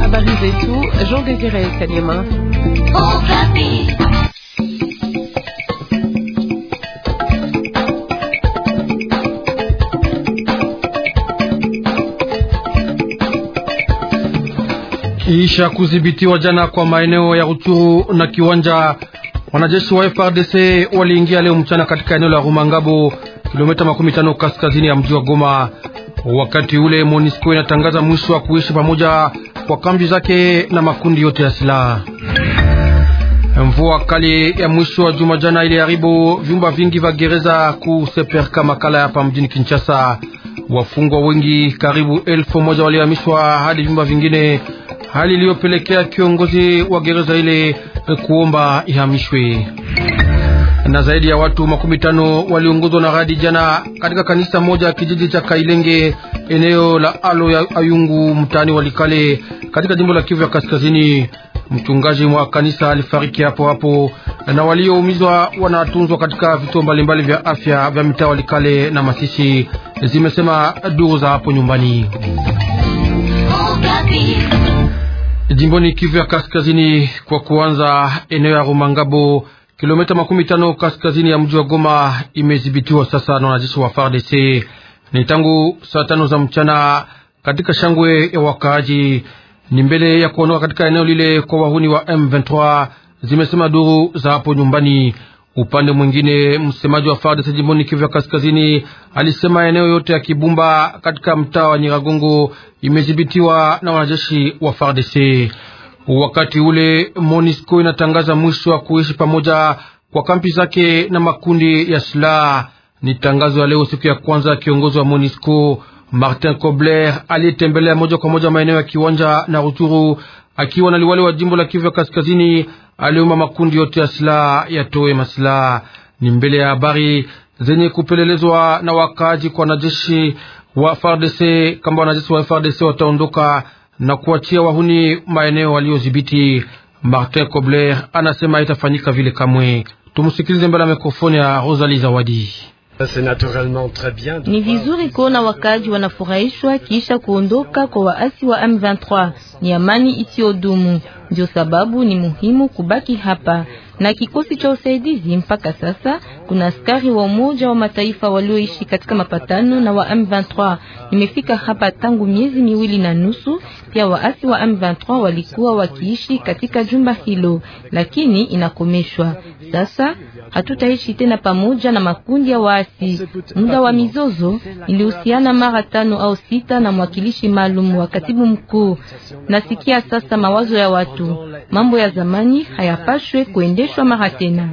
Habari zetu Jean Kanyama. Kisha kudhibitiwa jana kwa maeneo ya Rutshuru na Kiwanja, wanajeshi wa FRDC waliingia leo mchana katika eneo la Rumangabo, kilomita makumi tano kaskazini ya mji wa Goma. Wakati ule MONUSCO inatangaza mwisho wa kuishi pamoja kwa kambi zake na makundi yote ya silaha. Mvua kali ya mwisho wa juma jana iliharibu vyumba vingi vya gereza kuseperka makala hapa mjini Kinshasa. Wafungwa wengi karibu elfu moja walihamishwa hadi vyumba vingine, hali iliyopelekea kiongozi wa gereza ile kuomba ihamishwe na zaidi ya watu makumi tano waliongozwa na radi jana katika kanisa moja ya kijiji cha Kailenge eneo la Alo ya Ayungu mtaani Walikale katika jimbo la Kivu ya Kaskazini. Mchungaji mwa kanisa alifariki hapo hapo, na walioumizwa wanatunzwa katika vituo mbalimbali vya afya vya mitaa Walikale na Masisi, zimesema duru za hapo nyumbani. Jimboni Kivu ya Kaskazini, kwa kuanza eneo ya Rumangabo kilomita makumi tano kaskazini ya mji wa Goma imedhibitiwa sasa na wanajeshi wa FARDC. Ni tangu saa tano za mchana katika shangwe ya wakaaji, ni mbele ya kuondoka katika eneo lile kwa wahuni wa M23, zimesema duru za hapo nyumbani. Upande mwingine, msemaji wa FARDC jimboni Kivu ya kaskazini alisema eneo yote ya Kibumba katika mtaa wa Nyiragongo imedhibitiwa na wanajeshi wa FARDC. Wakati ule Monisco inatangaza mwisho wa kuishi pamoja kwa kampi zake na makundi ya silaha. Ni tangazo ya leo siku ya kwanza, kiongozi wa Monisco Martin Kobler aliyetembelea moja kwa moja maeneo ya Kiwanja na Ruchuru akiwa na liwali wa jimbo la Kivu ya Kaskazini aliomba makundi yote ya silaha yatoe masilaha. Ni mbele ya habari zenye kupelelezwa na wakaaji kwa wanajeshi wa FARDC kamba wanajeshi wa FARDC wataondoka na kuachia wahuni maeneo waliodhibiti. Martin Kobler anasema itafanyika vile kamwe. Tumsikilize mbele ya mikrofoni ya Rosalie Zawadi. Ni vizuri kuona wakaji wanafurahishwa kisha kuondoka kwa waasi wa M23. Ni amani isiyodumu, ndio sababu ni muhimu kubaki hapa na kikosi cha usaidizi mpaka sasa kuna askari wa Umoja wa Mataifa walioishi katika mapatano na wa M23. Nimefika hapa tangu miezi miwili na nusu. Pia waasi wa M23 walikuwa wakiishi katika jumba hilo, lakini inakomeshwa sasa. Hatutaishi tena pamoja na makundi ya waasi. Muda wa mizozo ilihusiana mara tano au sita na mwakilishi maalum wa katibu mkuu. Nasikia sasa mawazo ya watu, mambo ya zamani hayapashwe kuendeshwa mara tena.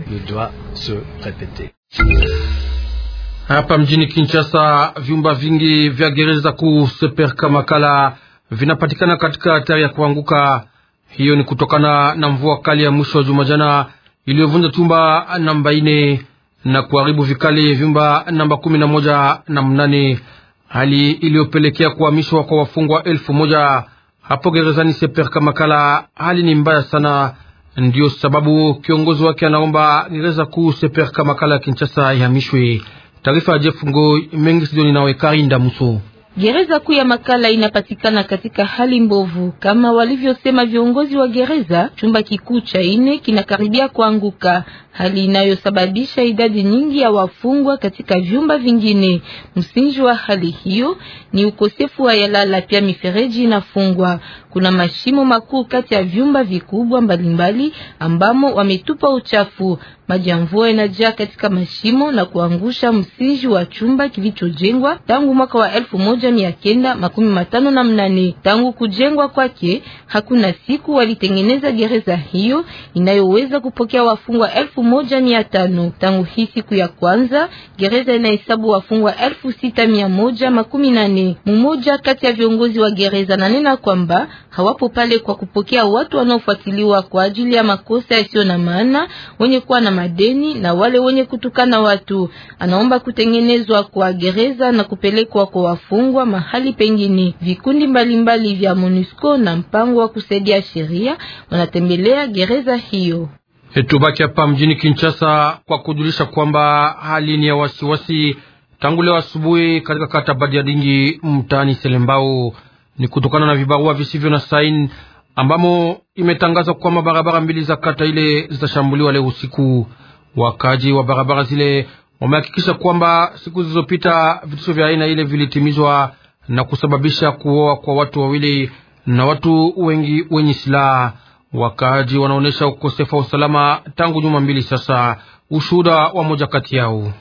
Hapa mjini Kinshasa, vyumba vingi vya gereza kuu Seperka Makala vinapatikana katika hatari ya kuanguka. Hiyo ni kutokana na mvua kali ya mwisho wa juma jana iliyovunja chumba namba ine na kuharibu vikali vyumba namba kumi na moja na mnane, hali iliyopelekea kuhamishwa kwa wafungwa elfu moja hapo gerezani Seperka Makala. Hali ni mbaya sana Ndiyo sababu kiongozi wake anaomba nireza kuu seperka makala ya Kinshasa ihamishwe. Taarifa ya Jefungo mengi sioni nawe Karinda Muso. Gereza kuu ya Makala inapatikana katika hali mbovu kama walivyosema viongozi wa gereza. Chumba kikuu cha ine kinakaribia kuanguka hali inayosababisha idadi nyingi ya wafungwa katika vyumba vingine. Msingi wa hali hiyo ni ukosefu wa yalala, pia mifereji inafungwa. Kuna mashimo makuu kati ya vyumba vikubwa mbalimbali ambamo wametupa uchafu. Maji ya mvua inajaa katika mashimo na kuangusha msingi wa chumba kilichojengwa tangu mwaka wa elfu moja mia kenda makumi matano na mnane. Tangu kujengwa kwake, hakuna siku walitengeneza gereza hiyo inayoweza kupokea wafungwa elfu moja mia tano tangu hii siku ya kwanza. Gereza inahesabu wafungwa elfu sita mia moja makumi nane. Mmoja kati ya viongozi wa gereza nanena kwamba hawapo pale kwa kupokea watu wanaofuatiliwa kwa ajili ya makosa yasiyo na maana, wenye kuwa na madeni na wale wenye kutukana watu. Anaomba kutengenezwa kwa gereza na kupelekwa kwa wafungwa mahali pengine. Vikundi mbalimbali mbali vya MONUSCO na mpango wa kusaidia sheria wanatembelea gereza hiyo. Tubaki hapa mjini Kinshasa kwa kujulisha kwamba hali ni ya wasiwasi tangu leo asubuhi katika kata Badia Dingi mtaani Selembao. Ni kutokana na vibarua visivyo na sain ambamo imetangazwa kwamba barabara mbili za kata ile zitashambuliwa leo usiku. Wakaji wa barabara zile wamehakikisha kwamba siku zilizopita vitisho vya aina ile vilitimizwa na kusababisha kuoa kwa watu wawili na watu wengi wenye silaha. Wakaaji wanaonyesha ukosefu wa usalama tangu nyuma mbili sasa, ushuhuda wa moja kati yao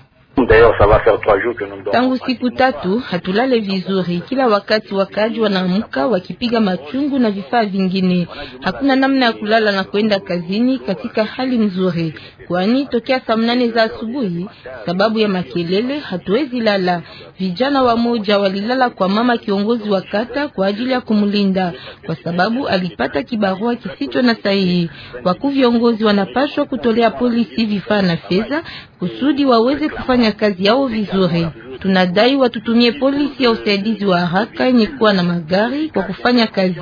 Tangu siku tatu hatulale vizuri, kila wakati wakaji wanaamuka wakipiga machungu na vifaa vingine. Hakuna namna ya kulala na kwenda kazini katika hali mzuri, kwani tokea saa mnane za asubuhi sababu ya makelele hatuwezi lala. Vijana wa moja walilala kwa mama kiongozi wa kata kwa ajili ya kumlinda, kwa sababu alipata kibarua kisicho na sahihi. Wakuu viongozi kutolea polisi vifaa na fedha kusudi waweze kufanya kufanya kazi yao vizuri. Tunadai watutumie polisi ya usaidizi wa haraka yenye kuwa na magari kwa kufanya kazi.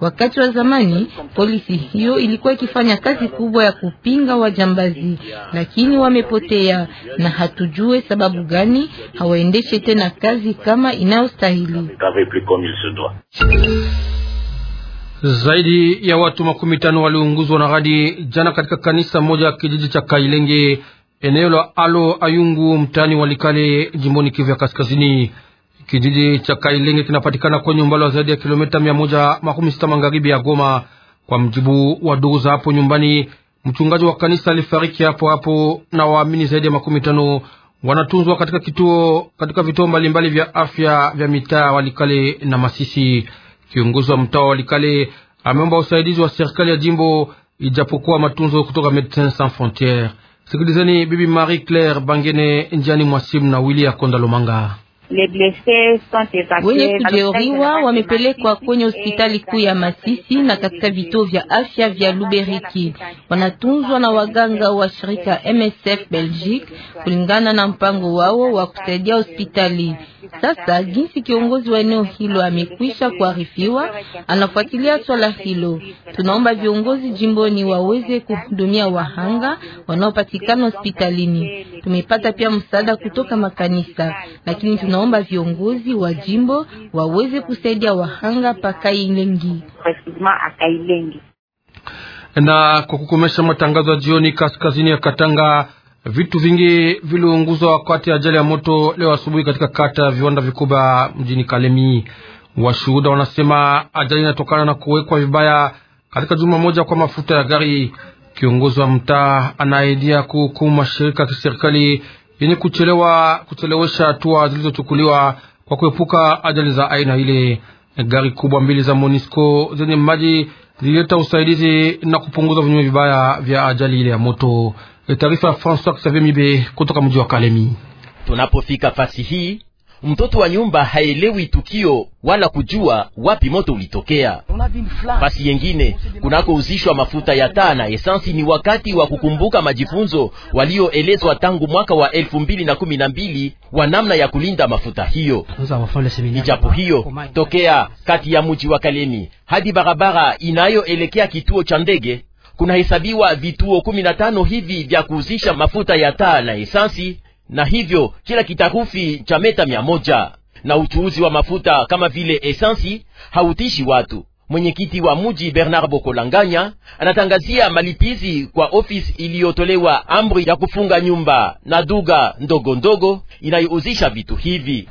Wakati wa zamani polisi hiyo ilikuwa ikifanya kazi kubwa ya kupinga wajambazi, lakini wamepotea na hatujue sababu gani hawaendeshe tena kazi kama inayostahili. Zaidi ya watu makumi tano waliunguzwa na radi jana katika kanisa moja kijiji cha Kailenge eneo la Alo Ayungu mtani Walikale jimboni Kivu ya Kaskazini. Kijiji cha Kailenge kinapatikana kwenye umbali wa zaidi ya kilomita mia moja makumi sita magharibi ya Goma. Kwa mjibu wa ndugu za hapo nyumbani, mchungaji wa kanisa alifariki hapo hapo na waamini zaidi ya makumi tano wanatunzwa katika kituo katika vituo mbalimbali vya afya vya mitaa Walikale na Masisi. Kiongozi wa mtaa Walikale ameomba usaidizi wa serikali ya jimbo ijapokuwa matunzo kutoka Medecins Sans Frontieres. Sikilizeni Bibi Marie Claire Bangene Njani Mwasimu na Wilia Konda Lomanga. Wenye wamepelekwa kwenye hospitali kuu ya Masisi na katika vituo vya afya vya Luberiki, wanatunzwa na waganga wa shirika MSF Belgique kulingana na mpango wao wa kusaidia hospitali. Sasa jinsi kiongozi wa eneo hilo amekwisha kuarifiwa, anafuatilia swala hilo. Tunaomba viongozi jimboni waweze kuhudumia wahanga wanaopatikana hospitalini. Tumepata pia msaada kutoka makanisa, lakini tuna tunaomba viongozi wa jimbo waweze kusaidia wahanga pakailengi na kwa kukomesha matangazo ya jioni kaskazini ya Katanga, vitu vingi viliunguzwa wakati ajali ya moto leo asubuhi katika kata ya viwanda vikubwa mjini Kalemi. Washuhuda wanasema ajali inatokana na kuwekwa vibaya katika juma moja kwa mafuta ya gari. Kiongozi wa mtaa anaaidia kuhukumu mashirika ya kiserikali yenye kuchelewa kuchelewesha hatua zilizochukuliwa kwa kuepuka ajali za aina ile. Gari kubwa mbili za Monisco zenye maji zilileta usaidizi na kupunguza vinyume vibaya vya ajali ile ya moto. Taarifa ya François Xavier Mibe kutoka mji wa Kalemi. Tunapofika fasi hii mtoto wa nyumba haelewi tukio wala kujua wapi moto ulitokea. Basi yengine kunakouzishwa mafuta ya taa na esansi, ni wakati wa kukumbuka majifunzo walioelezwa tangu mwaka wa elfu mbili na kumi na mbili wa namna ya kulinda mafuta hiyo. Ijapo hiyo oh tokea kati ya mji wa Kalemi hadi barabara inayoelekea kituo cha ndege kunahesabiwa vituo kumi na tano hivi vya kuuzisha mafuta ya taa na esansi na hivyo kila kitarufi cha meta mia moja na uchuuzi wa mafuta kama vile esansi hautishi watu. Mwenyekiti wa muji Bernard Bokolanganya anatangazia malipizi kwa ofisi iliyotolewa amri ya kufunga nyumba na duga ndogo ndogo inayouzisha vitu hivi.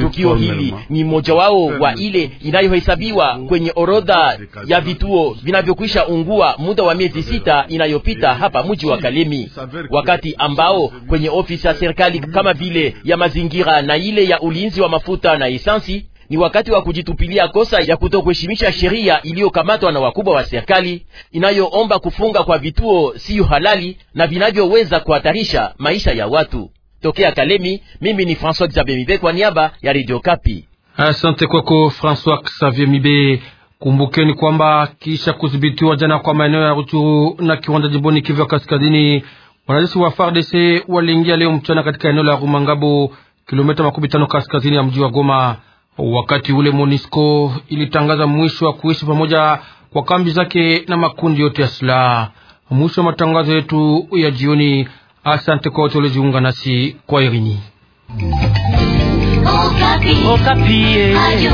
Tukio hili ni mmoja wao wa ile inayohesabiwa kwenye orodha ya vituo vinavyokwisha ungua muda wa miezi sita inayopita hapa mji wa Kalemi, wakati ambao kwenye ofisi ya serikali mmh. kama vile ya mazingira na ile ya ulinzi wa mafuta na esansi ni wakati wa kujitupilia kosa ya kutokuheshimisha sheria iliyokamatwa na wakubwa wa serikali inayoomba kufunga kwa vituo siyo halali na vinavyoweza kuhatarisha maisha ya watu. Tokea Kalemi, mimi ni François Xavier Mibe kwa niaba ya Radio Kapi. Asante kwako François Xavier Mibe. Kumbukeni kwamba kisha kudhibitiwa jana kwa maeneo ya Ruchuru na kiwanja jimboni Kivu ya Kaskazini, wanajeshi wa FARDC waliingia leo mchana katika eneo la Rumangabo, kilomita makumi tano kaskazini ya mji wa Goma. Wakati ule MONUSCO ilitangaza mwisho wa kuishi pamoja kwa kambi zake na makundi yote ya silaha. Mwisho wa matangazo yetu ya jioni. Asante kote ulijiunga nasi kwa irini Okapi. Okapi. Ayu,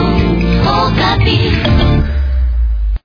Okapi.